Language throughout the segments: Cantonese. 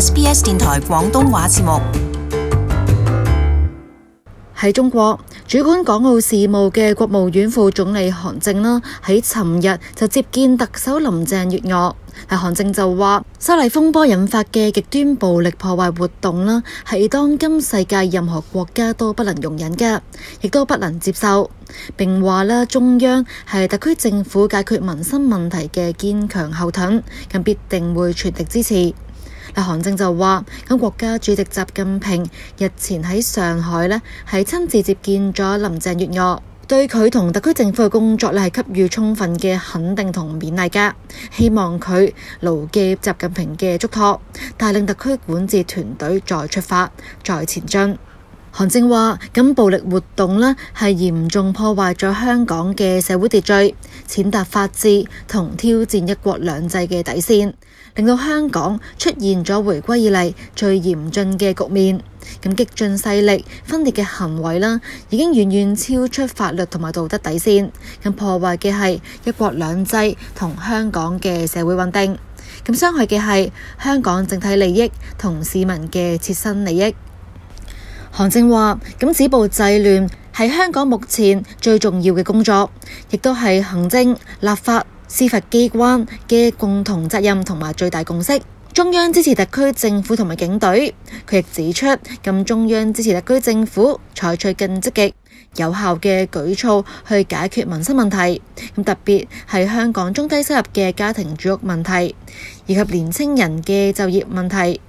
SBS 電台廣東話節目。喺中國主管港澳事務嘅國務院副總理韓正呢，喺尋日就接見特首林鄭月娥。係韓正就話，修例風波引發嘅極端暴力破壞活動啦，係當今世界任何國家都不能容忍嘅，亦都不能接受，並話啦，中央係特區政府解決民生問題嘅堅強後盾，更必定會全力支持。嗱，韓正就話：咁國家主席習近平日前喺上海咧，係親自接見咗林鄭月娥，對佢同特區政府嘅工作咧係給予充分嘅肯定同勉勵㗎。希望佢牢記習近平嘅囑託，帶領特區管治團隊再出發、再前進。韓正話：咁暴力活動咧係嚴重破壞咗香港嘅社會秩序。踐踏法治同挑戰一國兩制嘅底線，令到香港出現咗回歸以嚟，最嚴峻嘅局面。咁激進勢力分裂嘅行為啦，已經遠遠超出法律同埋道德底線。咁破壞嘅係一國兩制同香港嘅社會穩定，咁傷害嘅係香港整體利益同市民嘅切身利益。韓正話：咁止暴制亂。係香港目前最重要嘅工作，亦都係行政、立法、司法機關嘅共同責任同埋最大共識。中央支持特區政府同埋警隊，佢亦指出，咁中央支持特區政府採取更積極有效嘅舉措去解決民生問題，咁特別係香港中低收入嘅家庭住屋問題以及年青人嘅就業問題，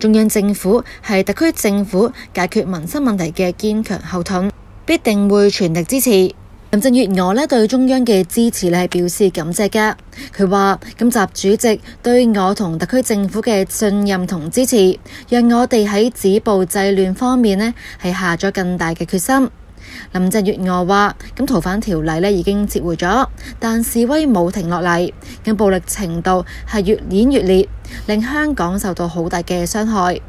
中央政府係特區政府解決民生問題嘅堅強後盾，必定會全力支持。林鄭月娥咧，對中央嘅支持咧，係表示感謝嘅。佢話：咁習主席對我同特區政府嘅信任同支持，讓我哋喺止暴制亂方面咧係下咗更大嘅決心。林鄭月娥話：咁逃犯條例已經撤回咗，但示威冇停落嚟，咁暴力程度係越演越烈，令香港受到好大嘅傷害。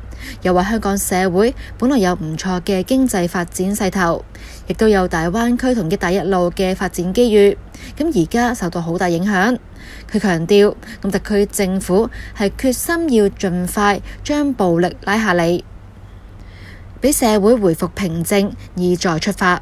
又話香港社會本來有唔錯嘅經濟發展勢頭，亦都有大灣區同一帶一路嘅發展機遇。咁而家受到好大影響，佢強調特區政府係決心要盡快將暴力拉下嚟，畀社會回復平靜，而再出發。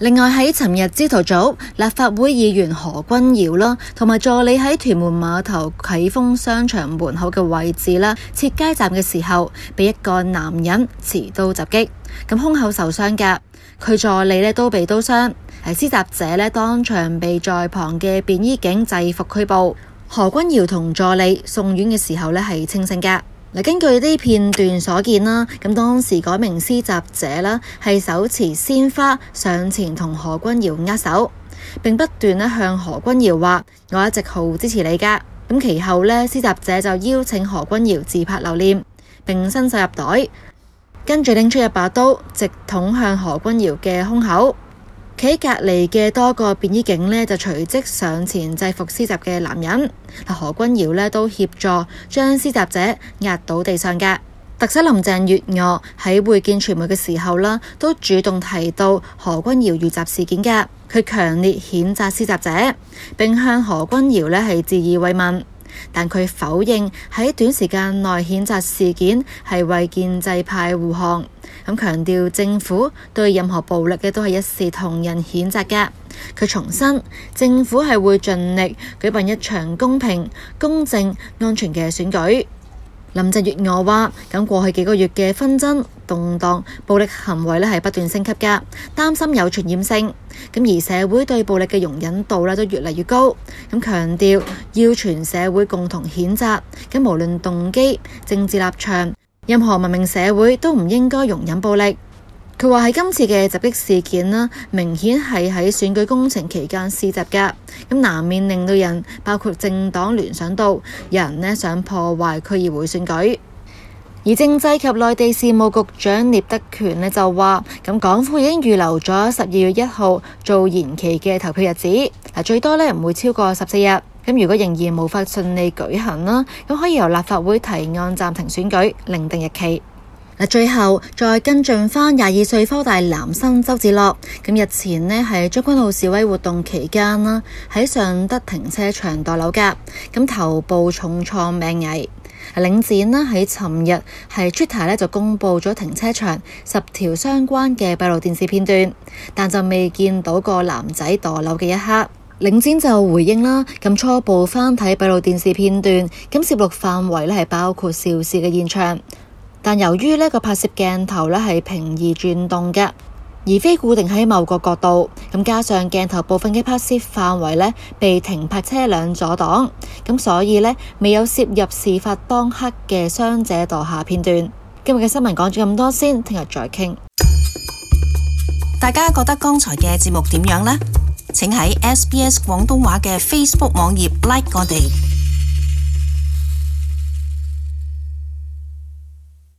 另外喺尋日朝頭早，立法會議員何君堯啦，同埋助理喺屯門碼頭啟豐商場門口嘅位置啦，設街站嘅時候，被一個男人持刀襲擊，咁胸口受傷㗎，佢助理呢都被刀傷，施襲者呢當場被在旁嘅便衣警制服拘捕。何君堯同助理送院嘅時候呢係清醒嘅。根據呢片段所見啦，咁當時嗰名施襲者咧係手持鮮花上前同何君堯握手，並不斷向何君堯話：我一直好支持你㗎。咁其後呢施襲者就邀請何君堯自拍留念，並伸手入袋，跟住拎出一把刀，直捅向何君堯嘅胸口。企隔籬嘅多個便衣警呢，就隨即上前制服施襲嘅男人。何君堯呢，都協助將施襲者壓倒地上嘅。特首林鄭月娥喺會見傳媒嘅時候呢，都主動提到何君堯遇襲事件嘅，佢強烈譴責施襲者，並向何君堯呢係致以慰問。但佢否認喺短時間內譴責事件係為建制派護航，咁強調政府對任何暴力嘅都係一視同仁譴責嘅。佢重申政府係會盡力舉辦一場公平、公正、安全嘅選舉。林鄭月娥話：咁過去幾個月嘅紛爭，動盪、暴力行為咧係不斷升級㗎，擔心有傳染性。咁而社會對暴力嘅容忍度咧都越嚟越高。咁強調要全社會共同譴責。咁無論動機、政治立場，任何文明社會都唔應該容忍暴力。佢話喺今次嘅襲擊事件啦，明顯係喺選舉工程期間試襲嘅。咁難免令到人包括政黨聯想到有人咧想破壞區議會選舉。而政制及內地事務局長聶德權咧就話：咁港府已經預留咗十二月一號做延期嘅投票日子，嗱最多咧唔會超過十四日。咁如果仍然無法順利舉行啦，咁可以由立法會提案暫停選舉，另定日期。嗱，最後再跟進返廿二歲科大男生周子樂。咁日前咧喺將軍澳示威活動期間啦，喺尚德停車場墮樓架，咁頭部重創，命危。領展啦喺尋日喺 Twitter 就公布咗停車場十條相關嘅閉路電視片段，但就未見到個男仔墮樓嘅一刻。領展就回應啦，咁初步翻睇閉路電視片段，咁攝錄範圍係包括肇事嘅現場，但由於呢個拍攝鏡頭咧係平移轉動嘅。而非固定喺某個角度，咁加上鏡頭部分嘅拍攝範圍咧，被停泊車輛阻擋，咁所以咧未有攝入事發當刻嘅傷者墮下片段。今日嘅新聞講咗咁多先，聽日再傾。大家覺得剛才嘅節目點樣呢？請喺 SBS 廣東話嘅 Facebook 網頁 like 我哋。